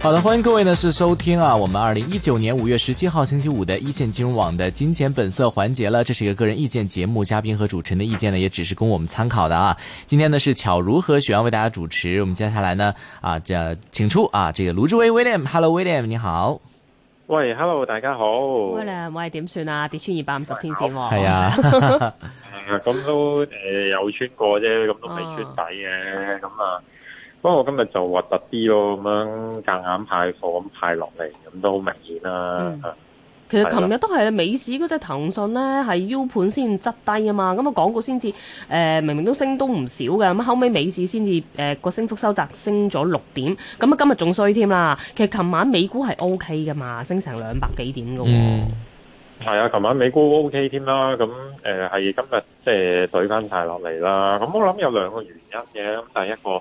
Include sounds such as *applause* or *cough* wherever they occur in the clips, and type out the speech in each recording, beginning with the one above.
好的，歡迎各位呢，是收聽啊，我們二零一九年五月十七號星期五的一線金融網的金錢本色環節了。這是一個個人意見節目，嘉賓和主持人的意見呢，也只是供我們參考的啊。今天呢是巧如何雪安為大家主持，我們接下來呢啊，就請出啊，這個盧志威 William，Hello William 你好，喂 Hello 大家好，Hello? 喂點算啊，跌穿二百五十天線係啊，咁都誒、呃、有穿過啫，咁都未穿底嘅，咁啊。Oh. 不過今日就核突啲咯，咁樣夾硬派貨咁派落嚟，咁都好明顯啦、啊嗯。其實琴日都係啊，美市嗰隻騰訊咧係 U 盤先質低啊嘛，咁啊講過先至誒明明都升都唔少噶，咁後尾美市先至誒個升幅收窄，升咗六點，咁、嗯、啊今日仲衰添啦。其實琴晚美股係 O K 噶嘛，升成兩百幾點噶、嗯啊 OK。嗯，係、呃、啊，琴晚美股 O K 添啦。咁誒係今日即係懟翻派落嚟啦。咁我諗有兩個原因嘅，咁第一個。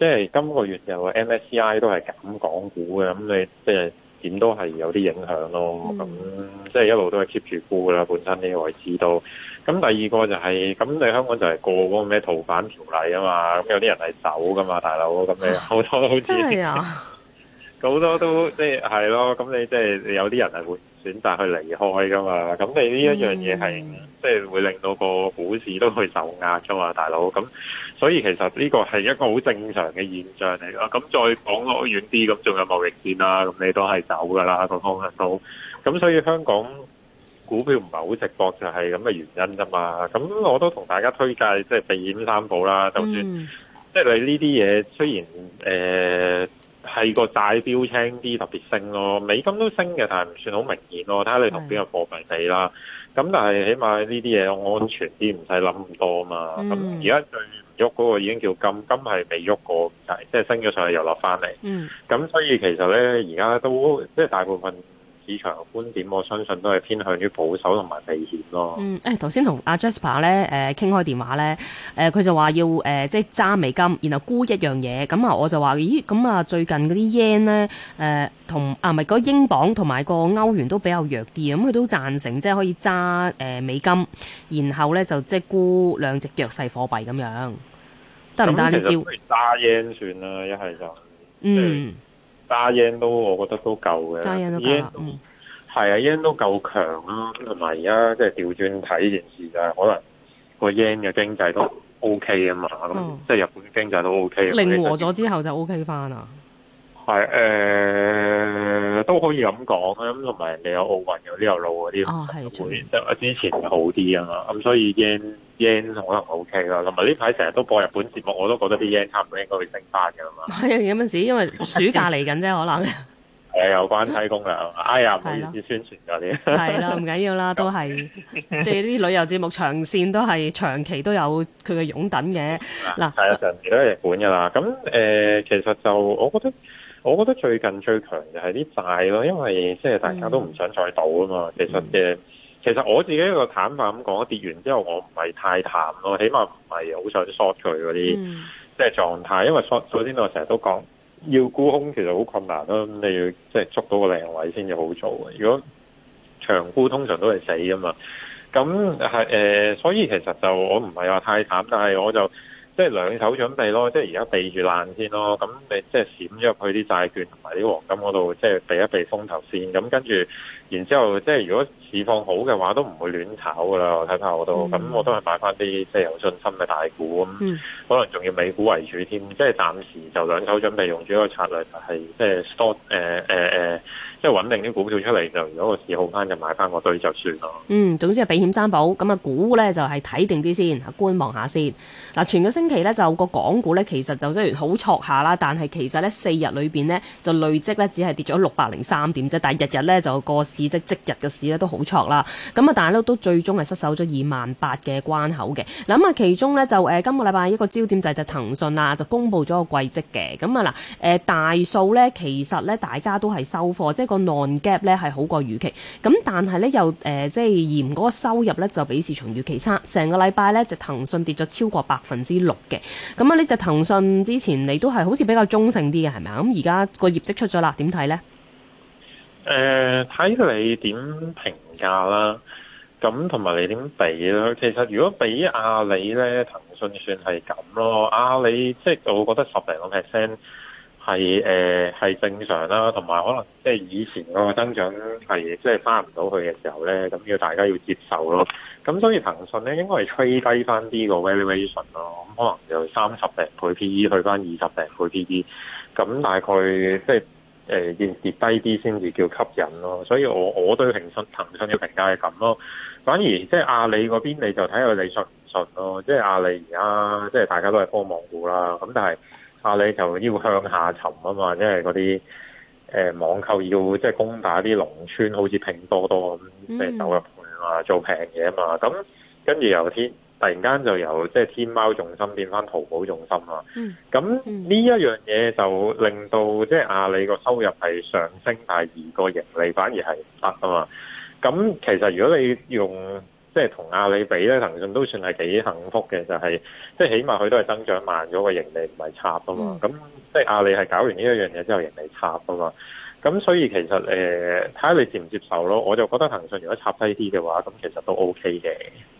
即係今個月有 MSCI 都係減港股嘅，咁你即係點都係有啲影響咯。咁、嗯、即係一路都係 keep 住沽啦，本身呢個位置都。咁第二個就係、是，咁你香港就係過嗰個咩逃犯條例啊嘛，咁有啲人係走噶嘛，大佬。咁你好多都好似，好、啊、 *laughs* 多都即係係咯。咁你即係有啲人係會選擇去離開噶嘛？咁你呢一樣嘢係，即係會令到個股市都去受壓噶嘛，大佬。咁所以其實呢個係一個好正常嘅現象嚟咯。咁再講落遠啲，咁仲有貿易戰啦，咁你都係走噶啦，個方向都。咁所以香港股票唔係好直落，就係咁嘅原因啫嘛。咁我都同大家推介，即係避險三寶啦。就算即係你呢啲嘢，雖然誒。係個債標輕啲，特別升咯，美金都升嘅，但係唔算好明顯咯。睇下你同邊個貨幣比啦。咁是的 但係起碼呢啲嘢安全啲，唔使諗咁多啊嘛。咁而家最唔喐嗰個已經叫金，金係未喐過，即係升咗上去又落翻嚟。咁、嗯、所以其實咧，而家都即係大部分。市場嘅觀點，我相信都係偏向於保守同埋避險咯。嗯，誒、哎，頭先同阿 Jasper 咧，誒、呃，傾開電話咧，誒、呃，佢就話要，誒、呃，即係揸美金，然後沽一樣嘢。咁啊，我就話，咦，咁、呃、啊，最近嗰啲 yen 咧，誒，同啊唔係嗰英鎊同埋個歐元都比較弱啲，咁佢都贊成即係可以揸，誒，美金，然後咧就即係沽兩隻弱勢貨幣咁樣，得唔得呢招？揸 yen 算啦，一係就嗯。加 yen 都，我覺得都夠嘅。加 yen 都夠，嗯，係啊，yen 都夠強啦。同埋而家即係調轉睇件事就係，可能個 yen 嘅經濟都 OK 啊嘛。咁、哦、即係日本經濟都 OK。哦就是、靈和咗之後就 OK 翻啊。係誒。呃都可以咁講，咁同埋你有奧運呢啲路嗰啲，會即、哦、之前好啲啊嘛，咁、啊、所以 yen y, en, y en, 可能 OK 啦，同埋呢排成日都播日本節目，我都覺得啲 yen 差唔多應該會升翻噶嘛。係有陣時，因為暑假嚟緊啫，可能 *laughs* 、嗯。誒有關西工啦，哎呀，唔 *laughs* 意思宣傳嗰啲。係啦，唔緊要啦，都係即係啲旅遊節目長線都係長期都有佢嘅擁躉嘅嗱。係、 *laughs* *laughs* 嗯、啊，長期都係日本噶啦。咁、嗯、誒，其實就我覺得。我覺得最近最強就係啲債咯，因為即係大家都唔想再賭啊嘛。嗯、其實誒，其實我自己一個坦白咁講，跌完之後我唔係太淡咯，起碼唔係好想索佢嗰啲即係狀態。因為索首先我成日都講要沽空，其實好困難咯。你要即係捉到個靚位先至好做。如果長沽通常都係死噶嘛。咁係誒，所以其實就我唔係話太淡，但係我就。即係兩手準備咯，即係而家避住爛先咯。咁你即係閃咗入去啲債券同埋啲黃金嗰度，即係避一避風頭先。咁跟住，然之後即係如果。市況好嘅話，都唔會亂炒㗎喇。我睇下我都咁，我都係買翻啲即係有信心嘅大股。咁可能仲要美股為主添，即係暫時就兩手準備用住一個策略，就係即係 stop 誒誒誒，即係穩定啲股票出嚟。就如果個市好翻，就買翻個堆就算咯。嗯，總之係避險三寶。咁啊，股咧就係睇定啲先，觀望下先。嗱，全個星期咧就個港股咧，其實就雖然好挫下啦，但係其實咧四日裏邊呢，就累積咧只係跌咗六百零三點啫。但係日日咧就個市即即日嘅市咧都好。冇錯啦，咁啊、嗯，但係都都最終係失守咗二萬八嘅關口嘅。咁、嗯、啊，其中咧就誒、呃，今個禮拜一個焦點就係就是騰訊啊，就公布咗個季績嘅。咁啊嗱，誒、呃、大數咧，其實咧大家都係收貨，即係個 non gap 咧係好過預期。咁但係咧又誒，即係嫌嗰個收入咧就比市場預期差。成個禮拜咧，就騰訊跌咗超過百分之六嘅。咁啊，呢、嗯、隻騰訊之前你都係好似比較中性啲嘅，係咪啊？咁而家個業績出咗啦，點睇咧？誒、呃，睇你點評。價啦，咁同埋你點比咧？其實如果比阿里咧，騰訊算係咁咯。阿里即係我覺得十零個 percent 係誒係正常啦，同埋可能即係以前個增長係即係翻唔到去嘅時候咧，咁要大家要接受咯。咁所以騰訊咧應該係吹低翻啲個 valuation 咯，咁可能就三十零倍 PE 去翻二十零倍 PE 咁大概即係。就是誒要、呃、跌，跌低啲先至叫吸引咯，所以我我對騰訊騰訊嘅評價係咁咯。反而即係阿里嗰邊，你就睇下你信唔信咯。即係阿里而家即係大家都係科網股啦，咁但係阿里就要向下沉啊嘛，即係嗰啲誒網購要即係攻打啲農村，好似拼多多咁，即係走入去啊，做平嘢啊嘛。咁跟住有天。突然間就由即係天貓重心變返淘寶重心咯，咁呢、嗯、一樣嘢就令到即係阿里個收入係上升，但係而個盈利反而係唔得啊嘛。咁其實如果你用即係同阿里比咧，騰訊都算係幾幸福嘅、就係，就係即係起碼佢都係增長慢咗個盈利，唔係差㗎嘛。咁即係阿里係搞完呢一樣嘢之後，盈利差㗎嘛。嗯咁所以其實誒睇下你接唔接受咯，我就覺得騰訊如果插低啲嘅話，咁其實都 OK 嘅。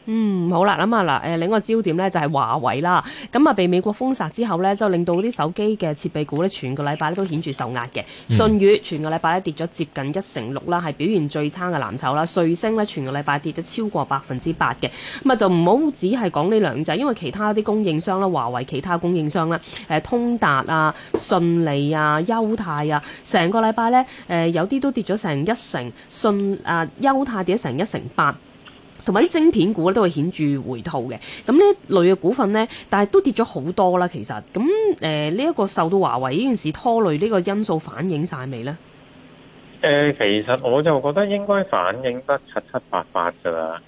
嗯，好啦，咁啊嗱，誒、呃、另一個焦點咧就係華為啦。咁、嗯、啊，被美國封殺之後咧，就令到啲手機嘅設備股咧，全個禮拜咧都顯著受壓嘅。嗯、舜宇全個禮拜咧跌咗接近一成六啦，係表現最差嘅藍籌啦。瑞聲咧全個禮拜跌咗超過百分之八嘅。咁啊、嗯、就唔好只係講呢兩隻，因為其他啲供應商啦，華為其他供應商啦，誒通達啊、順利啊、優泰啊，成個禮拜咧，誒、呃，有啲都跌咗成一成，信啊，呃、優泰跌咗成一成八，同埋啲晶片股咧都會顯著回吐嘅。咁呢類嘅股份咧，但係都跌咗好多啦。其實，咁、嗯、誒，呃，呢一個受到華為呢件事拖累呢個因素反映晒未咧？誒、呃，其實我就覺得應該反映得七七八八噶啦。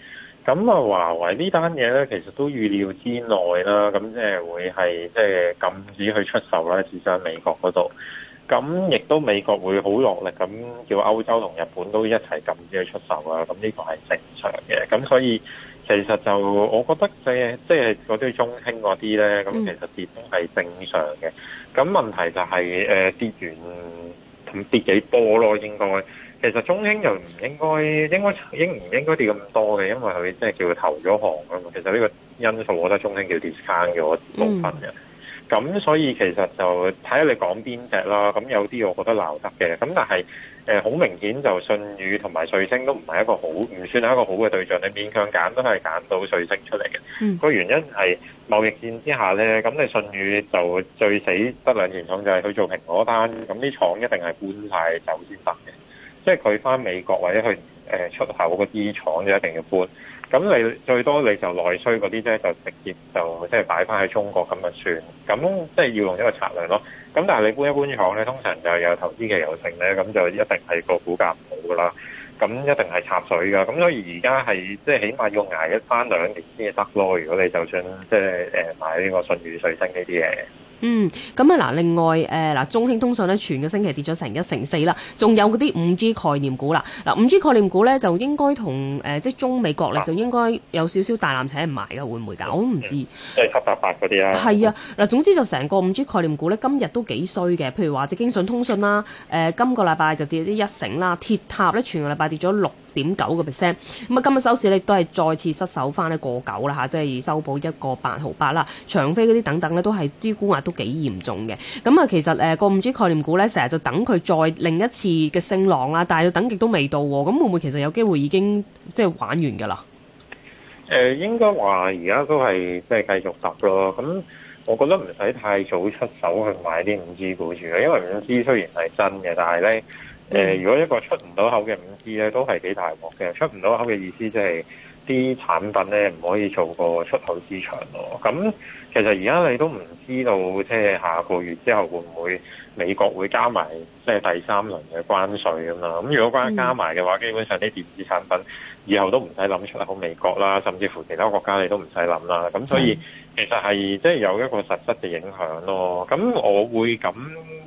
咁啊，華為呢單嘢咧，其實都預料之內啦。咁即係會係即係禁止去出售啦，至少喺美國嗰度。咁亦都美國會好落力咁叫歐洲同日本都一齊禁止佢出售啊！咁呢個係正常嘅。咁所以其實就我覺得即係即係嗰啲中興嗰啲咧，咁其實跌都係正常嘅。咁問題就係、是、誒、呃、跌完咁跌幾波咯？應該其實中興就唔應該應該應唔應，應該跌咁多嘅？因為佢即係叫佢投咗行啊，其實呢個因素，我覺得中興叫 discount 咗部分嘅。咁所以其實就睇下你講邊隻啦，咁有啲我覺得鬧得嘅，咁但係誒好明顯就信譽同埋瑞星都唔係一個好，唔算係一個好嘅對象，你勉強揀都係揀到瑞星出嚟嘅。個、嗯、原因係貿易戰之下呢，咁你信譽就最死得兩件廠，就係、是、去做蘋果單，咁啲廠一定係搬晒走先得嘅，即係佢返美國或者去誒出口嗰啲廠就一定要搬。咁你最多你就內需嗰啲咧，就直接就即係擺翻喺中國咁就算，咁即係要用一個策略咯。咁但係你搬一搬廠咧，通常就有投資嘅遊性咧，咁就一定係個股價唔好噶啦。咁一定係插水噶。咁所以而家係即係起碼要捱一翻兩年先至得咯。如果你就算即係誒買呢個信譽水星呢啲嘢。嗯，咁啊嗱，另外誒嗱、呃，中興通訊咧，全個星期跌咗成一成四啦，仲有嗰啲五 G 概念股啦，嗱、啊、五 G 概念股咧，就應該同誒、呃、即係中美角力，就應該有少少大纜扯唔埋嘅，會唔會㗎？嗯、我都唔知、嗯。即係七八八嗰啲啊。係啊，嗱、嗯，總之就成個五 G 概念股咧，今日都幾衰嘅，譬如話即係京信通訊啦，誒、呃、今個禮拜就跌咗一成啦，鐵塔咧，全個禮拜跌咗六點九個 percent，咁啊今日收市咧都係再次失守翻咧過九啦嚇，即係收補一個八毫八啦。長飛嗰啲等等咧都係啲沽壓都幾嚴重嘅。咁啊其實誒個五 G 概念股咧成日就等佢再另一次嘅升浪啦，但係等極都未到喎。咁會唔會其實有機會已經即係玩完㗎啦？誒應該話而家都係即係繼續揼咯。咁我覺得唔使太早出手去買啲五 G 股住啦，因為五 G 雖然係真嘅，但係咧。誒，嗯、如果一個出唔到口嘅公司咧，都係幾大鑊嘅。出唔到口嘅意思、就是，即係啲產品咧唔可以做個出口市場咯。咁其實而家你都唔知道，即係下個月之後會唔會美國會加埋即係第三輪嘅關稅咁啊？咁如果關加埋嘅話，嗯、基本上啲電子產品以後都唔使諗出口美國啦，甚至乎其他國家你都唔使諗啦。咁所以、嗯、其實係即係有一個實質嘅影響咯。咁我會咁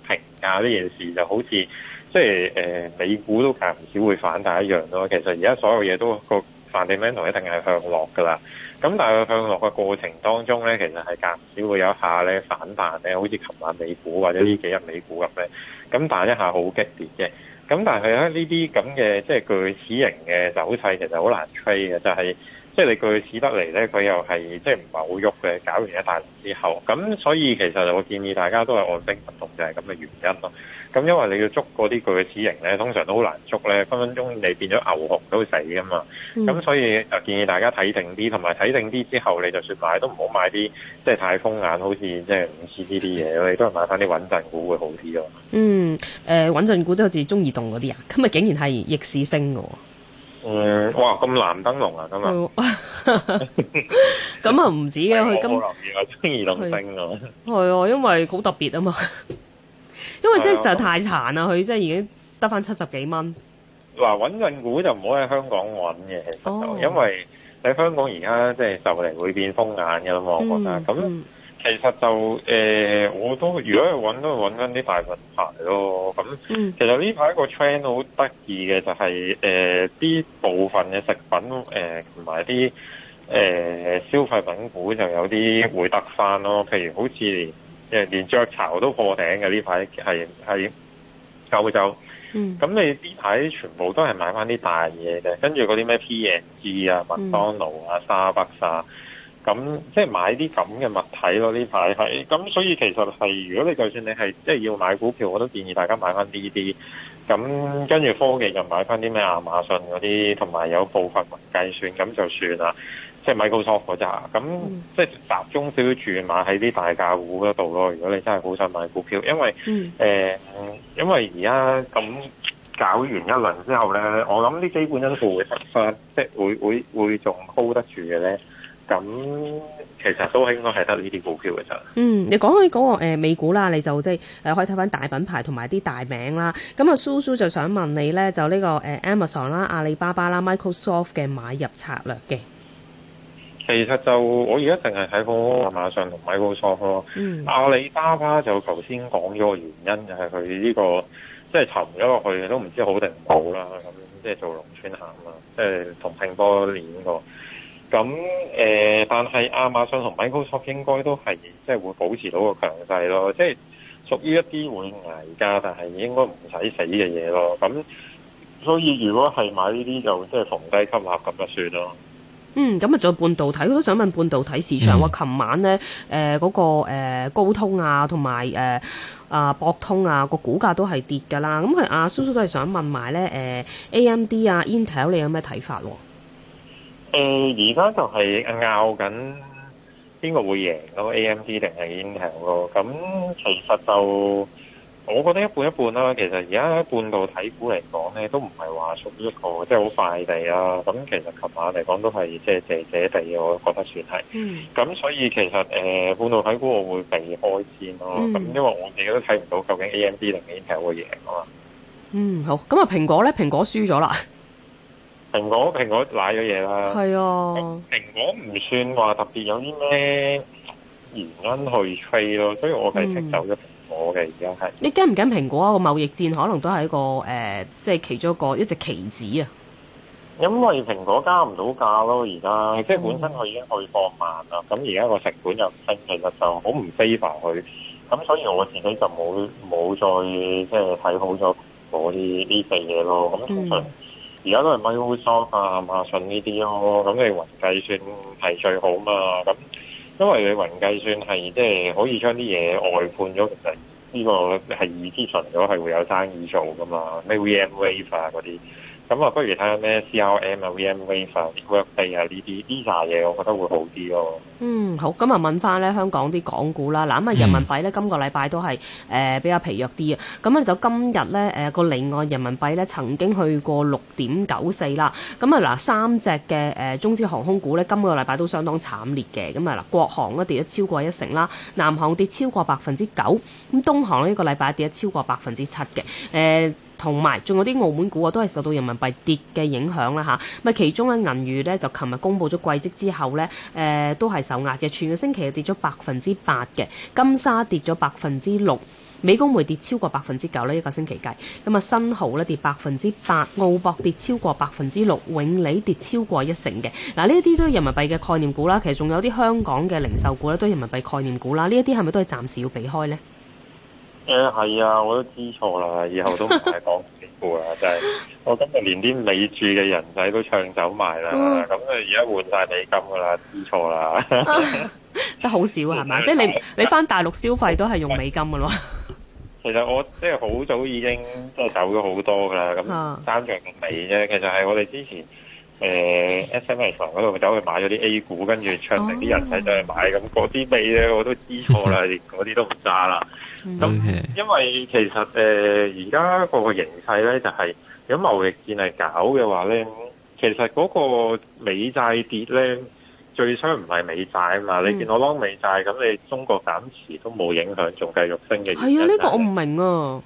評價呢件事，就好似。即係誒、呃，美股都間唔少會反彈一樣咯。其實而家所有嘢都個 fundamental 一定係向落㗎啦。咁但係佢向落嘅過程當中咧，其實係間唔少會有一下咧反彈咧，好似琴晚美股或者呢幾日美股咁咧。咁彈一下好激烈嘅。咁但係喺呢啲咁嘅即係鋸齒形嘅走勢，其實好難吹嘅，就係、是。即係你鋸齒得嚟咧，佢又係即係唔係好喐嘅，搞完一大輪之後，咁所以其實我建議大家都係按兵不動，就係咁嘅原因咯。咁因為你要捉嗰啲鋸齒形咧，通常都好難捉咧，分分鐘你變咗牛熊都會死噶嘛。咁所以就建議大家睇定啲，同埋睇定啲之後，你就算買都唔好買啲即係太風眼，好似即係唔知呢啲嘢，你都係買翻啲穩陣股會好啲咯。嗯，誒、呃、穩陣股即係好似中移動嗰啲啊，今日竟然係逆市升嘅。嗯，哇，咁藍燈籠啊，咁啊 *laughs* *laughs* 咁啊唔止嘅，佢今，可能而家中意冷燈嘅，係啊，因為好特別啊嘛，因為即係就太殘啦，佢即係已經得翻七十幾蚊。嗱，穩陣股就唔好喺香港穩嘅，其實就 *laughs* 因為喺香港而家即係就嚟會變風眼嘅啦嘛， *noise* 我覺得咁。 *noise* 其實就誒、呃，我都如果係揾都揾翻啲大品牌咯。咁其實呢排個 train 好得意嘅就係誒啲部分嘅食品誒同埋啲誒消費品股就有啲回得翻咯。譬如好似誒連，連雀巢都破頂嘅，呢排係係舊週。咁你呢排全部都係買翻啲大嘢嘅，跟住嗰啲咩 P and G 啊、麥當勞啊、嗯、沙北沙。咁即係買啲咁嘅物體咯，呢排係咁，所以其實係如果你就算你係即係要買股票，我都建議大家買翻呢啲。咁跟住科技就買翻啲咩亞馬遜嗰啲，同埋有，有部分雲計算咁就算啦。就是、即係 Microsoft 嗰扎，咁即係集中少少轉買喺啲大價股嗰度咯。如果你真係好想買股票，因為誒，嗯、因為而家咁搞完一輪之後咧，我諗呢基本因素會實翻，即係會會會仲 hold 得住嘅咧。咁其實都應該係得呢啲股票嘅咋。嗯，你講起嗰、那個、呃、美股啦，你就即係誒可以睇翻大品牌同埋啲大名啦。咁、嗯、啊，蘇蘇就想問你咧，就呢、這個誒、呃、Amazon 啦、阿里巴巴啦、Microsoft 嘅買入策略嘅。其實就我而家淨係睇到 Amazon 同 Microsoft 咯。嗯。阿里巴巴就頭先講咗個原因，就係佢呢個即係沉咗落去，都唔知好定唔好啦。咁、哦嗯、即係做農村行啊，即係同拼多多，咁誒、呃，但係亞馬遜同 Microsoft 應該都係即係會保持到個強勢咯，即係屬於一啲會捱價，但係應該唔使死嘅嘢咯。咁所以如果係買呢啲，就即係逢低吸納咁就算咯。嗯，咁啊，仲有半導體，佢都想問半導體市場。我琴、嗯、晚咧誒嗰個、呃、高通啊，同埋誒啊博通啊個股價都係跌噶啦。咁佢阿叔叔都係想問埋咧誒 AMD 啊 Intel，你有咩睇法喎、啊？誒，而家、呃、就係拗緊邊個會贏咯，AMD 定係 Intel 咯？咁其實就我覺得一半一半啦、啊。其實而家半導體股嚟講咧，都唔係話屬於一個即係好快地啊。咁其實琴晚嚟講都係即係借借地，我覺得算係。咁、嗯、所以其實誒、呃，半導體股我會避開先咯、啊。咁、嗯、因為我自己都睇唔到究竟 AMD 定係 Intel 會贏嘛、啊。嗯，好。咁啊，蘋果咧，蘋果輸咗啦。蘋果蘋果奶嘅嘢啦，啊，蘋果唔算話特別有啲咩原因去飛咯，所以我係食走咗蘋果嘅，而家係。你跟唔跟蘋果啊？個貿易戰可能都係一個誒、呃，即係其中一個一隻棋子啊。因為蘋果加唔到價咯，而家即係本身佢已經去放緩啦。咁而家個成本又升，其實就好唔 favour 佢。咁所以我自己就冇冇再即係睇好咗蘋果呢呢隻嘢咯。咁通常、嗯。而家都係 Microsoft 啊、馬順呢啲咯，咁、嗯、你雲計算係最好嘛？咁、嗯、因為你雲計算係即係可以將啲嘢外判咗，其實呢個係二資產咗，係會有生意做噶嘛？咩 VMware 啊嗰啲。咁啊，不如睇下咩 CRM 啊、VMware 啊、Workday 啊呢啲呢嘢，我覺得會好啲咯。嗯，好，咁啊問翻咧香港啲港股啦。嗱，咁啊人民幣咧今個禮拜都係誒比較疲弱啲啊。咁啊就今日咧誒個離岸人民幣咧曾經去過六點九四啦。咁啊嗱，三隻嘅誒中資航空股咧今個禮拜都相當慘烈嘅。咁啊嗱，國航咧跌咗超過一成啦，南航跌超過百分之九，咁東航呢個禮拜跌咗超過百分之七嘅。誒、呃。同埋仲有啲澳門股啊，都係受到人民幣跌嘅影響啦嚇。咪、啊、其中咧銀娛咧就琴日公布咗季績之後咧，誒、呃、都係受壓嘅。全個星期啊跌咗百分之八嘅，金沙跌咗百分之六，美高梅跌超過百分之九呢一個星期計。咁啊新豪咧跌百分之八，澳博跌超過百分之六，永利跌超過一成嘅。嗱呢一啲都係人民幣嘅概念股啦。其實仲有啲香港嘅零售股咧都係人民幣概念股啦。呢一啲係咪都係暫時要避開呢？誒係、嗯、啊，我都知錯啦，以後都唔係講呢句啦，真係 *laughs* 我今日連啲美住嘅人仔都唱走埋啦，咁啊而家換晒美金噶啦，知錯啦 *laughs* 啊，得好少係嘛， *laughs* 即係你你返大陸消費都係用美金噶咯。 *laughs* 其實我即係好早已經都走咗好多噶啦，咁單着美啫，其實係我哋之前。誒，S M 床嗰度走去買咗啲 A 股，跟住唱定啲人仔就去買，咁嗰啲味咧我都知錯啦，嗰啲 *laughs* 都唔揸啦。咁因為其實誒而家個個形勢咧就係、是，如果貿易戰係搞嘅話咧，其實嗰個美債跌咧最衰唔係美債啊嘛，你見我撈美債，咁、嗯、你中國減持都冇影響，仲繼續升嘅。係啊，呢、這個我唔明啊。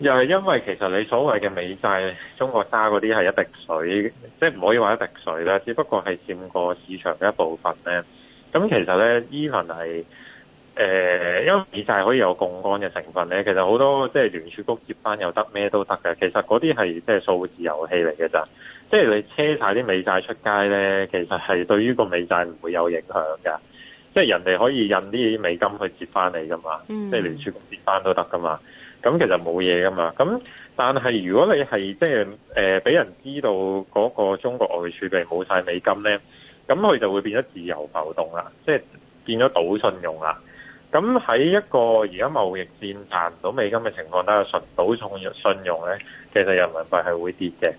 又係因為其實你所謂嘅美債，中國揸嗰啲係一滴水，即係唔可以話一滴水啦。只不過係佔個市場嘅一部分咧。咁其實咧，依輪係誒，因為美債可以有槓桿嘅成分咧。其實好多即係聯儲局接翻又得咩都得嘅。其實嗰啲係即係數字遊戲嚟嘅咋。即係你車晒啲美債出街咧，其實係對於個美債唔會有影響嘅。即係人哋可以印啲美金去接翻你噶嘛，嗯、即係聯儲局接翻都得噶嘛。咁其實冇嘢噶嘛，咁但係如果你係即係誒俾人知道嗰個中國外儲備冇晒美金呢，咁佢就會變咗自由浮動啦，即係變咗賭信用啦。咁喺一個而家貿易戰賺唔到美金嘅情況底下，純賭信用呢，其實人民幣係會跌嘅。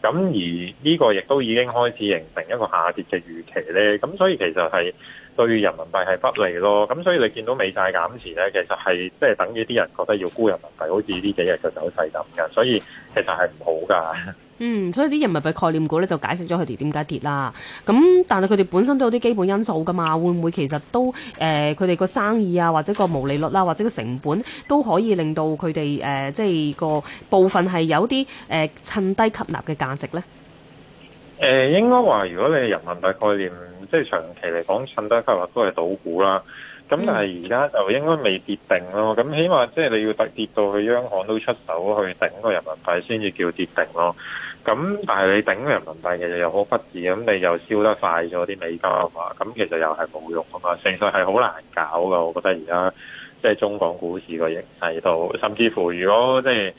咁而呢個亦都已經開始形成一個下跌嘅預期呢。咁所以其實係。對人民幣係不利咯，咁所以你見到美債減持咧，其實係即係等於啲人覺得要沽人民幣，好似呢幾日就走勢咁㗎，所以其實係唔好噶。嗯，所以啲人民幣概念股咧就解釋咗佢哋點解跌啦。咁但係佢哋本身都有啲基本因素噶嘛，會唔會其實都誒佢哋個生意啊，或者個毛利率啊，或者個成本都可以令到佢哋誒即係個部分係有啲誒趁低吸納嘅價值咧？誒、呃、應該話如果你係人民幣概念。即係長期嚟講，信得計劃都係賭股啦。咁但係而家就應該未跌定咯。咁起碼即係你要特跌到去央行都出手去頂個人民幣，先至叫跌定咯。咁但係你頂人民幣其實又好唔易，咁你又燒得快咗啲美金啊嘛。咁其實又係冇用啊嘛。成世係好難搞噶，我覺得而家即係中港股市個形勢度，甚至乎如果即係。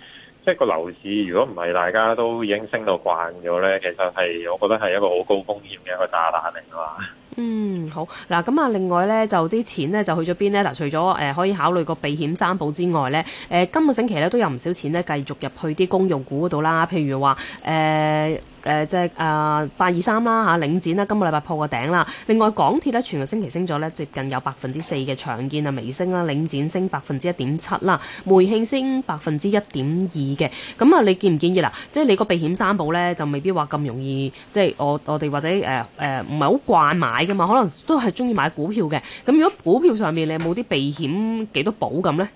即係個樓市，如果唔係大家都已經升到慣咗呢，其實係我覺得係一個好高風險嘅一個炸彈嚟噶嘛。嗯，好嗱，咁啊，另外呢，就啲錢呢，就去咗邊呢？嗱，除咗誒可以考慮個避險三寶之外呢，誒、呃，今個星期咧都有唔少錢呢，繼續入去啲公用股度啦，譬如話誒。呃誒即係、呃就是呃、啊八二三啦，嚇領展啦，今個禮拜破個頂啦。另外港鐵咧，全個星期升咗咧，接近有百分之四嘅長見啊微升啦，領展升百分之一點七啦，煤氣升百分之一點二嘅。咁啊，你建唔建議啦？即係你個避險三寶咧，就未必話咁容易。即係我我哋或者誒誒唔係好慣買嘅嘛，可能都係中意買股票嘅。咁如果股票上面你有冇啲避險幾多寶咁呢？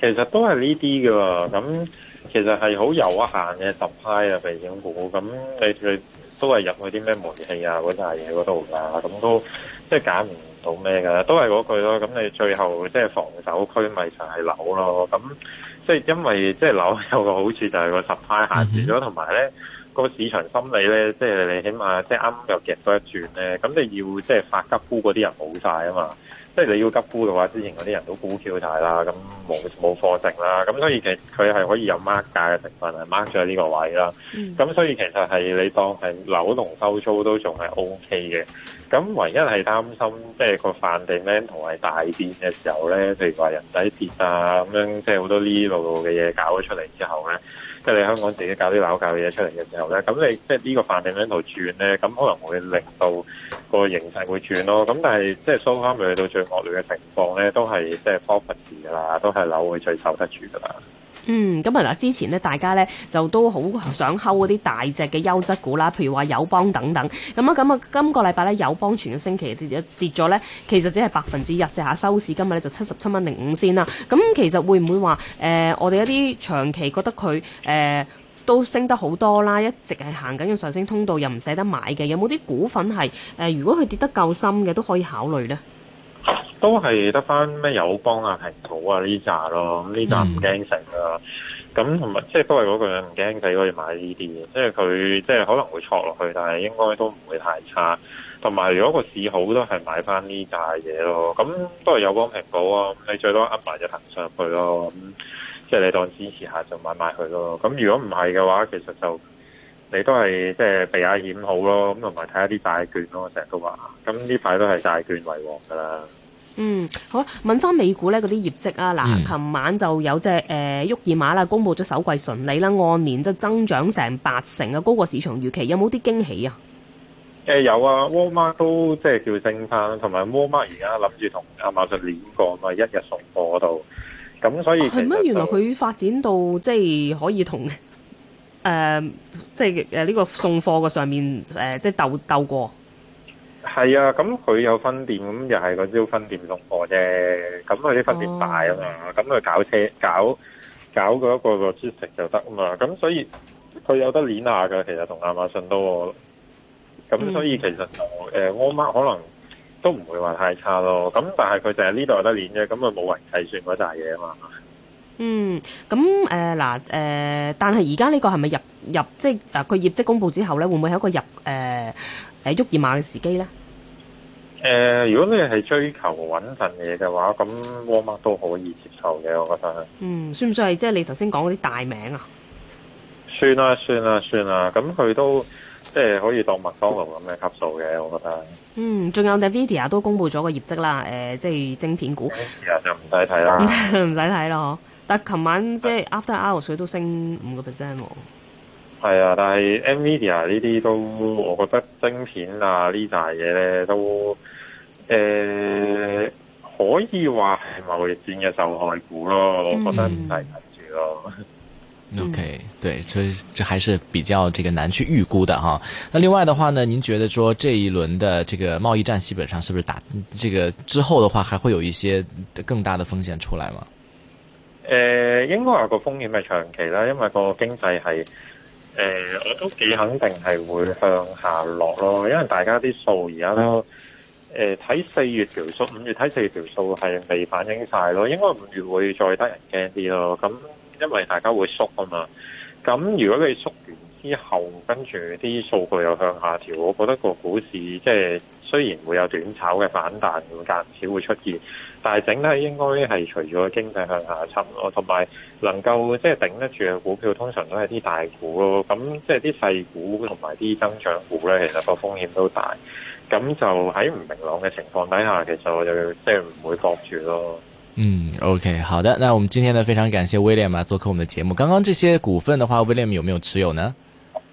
其實都係呢啲嘅咁。其實係好有限嘅十派啊，被掩護咁，你佢都係入去啲咩煤氣啊嗰啲嘢嗰度㗎，咁、啊、都即係揀唔到咩㗎啦，都係嗰句咯。咁你最後即係防守區咪就係樓咯。咁即係因為即係樓有個好處就係個十派限住咗，同埋咧個市場心理咧，即係你起碼即係啱又夾多一轉咧，咁你要即係發急沽嗰啲人冇晒啊嘛。即係你要急沽嘅話，之前嗰啲人都沽票晒啦，咁冇冇貨剩啦，咁所以其實佢係可以有 mark 價、er、嘅成分係 mark 咗、er、呢個位啦。咁、嗯、所以其實係你當係樓同收租都仲係 O K 嘅。咁唯一係擔心即係、就是、個泛地 mantle 大變嘅時候咧，譬如話人仔跌啊咁樣，即係好多呢度嘅嘢搞咗出嚟之後咧。即係你香港自己搞啲樓價嘅嘢出嚟嘅時候咧，咁你即係呢個飯店喺度轉咧？咁可能會令到個形勢會轉咯。咁但係即係 so far，去到最惡劣嘅情況咧，都係即係方罰事㗎啦，都係樓會最守得住㗎啦。嗯，咁啊嗱，之前咧大家呢就都好想睺嗰啲大隻嘅優質股啦，譬如話友邦等等。咁啊，咁啊，今個禮拜呢，友邦全個星期跌咗咧，其實只係百分之一啫吓，收市今日呢就七十七蚊零五先啦。咁其實會唔會話誒、呃，我哋一啲長期覺得佢誒、呃、都升得好多啦，一直係行緊嘅上升通道又唔捨得買嘅，有冇啲股份係誒、呃？如果佢跌得夠深嘅都可以考慮呢？都係得翻咩友邦啊、平保啊呢扎咯，咁呢扎唔驚成啦。咁同埋即係都係嗰個人唔驚死，可、就、以、是、買呢啲嘅。即係佢即係可能會挫落去，但係應該都唔會太差。同埋如果個市好，都係買翻呢扎嘢咯。咁、嗯、都係友邦、平保啊。咁你最多噏埋一騰上去咯。咁即係你當支持下就買埋佢咯。咁如果唔係嘅話，其實就你都係即係避下險好咯。咁同埋睇下啲債券咯。成日都話，咁呢排都係債券為王噶啦。嗯，好啊！問翻美股咧嗰啲業績啊，嗱，琴、嗯、晚就有隻誒沃、呃、爾瑪啦，公布咗首季純利啦，按年即增長成八成嘅高過市場預期，有冇啲驚喜啊？誒、呃、有啊，沃馬都即係叫正翻，同埋沃馬而家諗住同亞馬遜連過，咪一日送貨嗰度，咁所以係咩？原來佢發展到即係可以同誒、呃、即係誒呢個送貨嘅上面誒、呃、即係鬥鬥過。係啊，咁佢有分店，咁又係嗰招分店送貨啫。咁佢啲分店大啊嘛，咁佢搞車搞搞嗰一個個 choose 就得啊嘛。咁所以佢有得碾下噶，其實同亞馬遜都，咁所以其實就誒，安馬可能都唔會話太差咯。咁但係佢就係呢度有得碾啫，咁啊冇人計算嗰扎嘢啊嘛。嗯，咁誒嗱誒，但係而家呢個係咪入入即係誒佢業績公布之後咧，會唔會係一個入誒？呃喺沃爾瑪嘅時機咧？誒、呃，如果你係追求揾份嘢嘅話，咁沃爾瑪都可以接受嘅，我覺得。嗯，算唔算係即係你頭先講嗰啲大名啊？算啦，算啦，算啦。咁佢都即係可以當麥當勞咁嘅級數嘅，我覺得。嗯，仲有 Nvidia 都公布咗個業績啦。誒、呃，即係晶片股。Nvidia 就唔使睇啦，唔使睇咯。但係琴晚即係 After Hours 佢都升五個 percent。係啊、哎，但係 Nvidia 呢啲都，我覺得晶片啊呢大嘢咧都，誒、呃、可以話係貿易戰嘅受害股咯，嗯、我覺得唔係唔少咯。OK，對，所以就還是比較這個難去預估的哈。那另外的話呢，您覺得說這一輪的這個貿易戰基本上是不是打？這個之後的話，還會有一些更大的風險出來嗎？誒、呃，應該話個風險係長期啦，因為個經濟係。誒、呃，我都幾肯定係會向下落咯，因為大家啲數而家都誒睇四月條數，五月睇四月條數係未反映晒咯，應該五月會再得人驚啲咯。咁因為大家會縮啊嘛，咁如果你縮完。之後跟住啲數據又向下調，我覺得個股市即係雖然會有短炒嘅反彈，咁間少會出現，但係整體應該係隨住個經濟向下沉咯，同埋能夠即係頂得住嘅股票，通常都係啲大股咯。咁即係啲細股同埋啲增長股咧，其實個風險都大。咁就喺唔明朗嘅情況底下，其實我就即係唔會搏住咯。嗯，OK，好的。那我們今天呢非常感謝 William 做客我們的節目。剛剛這些股份的話，William 有沒有持有呢？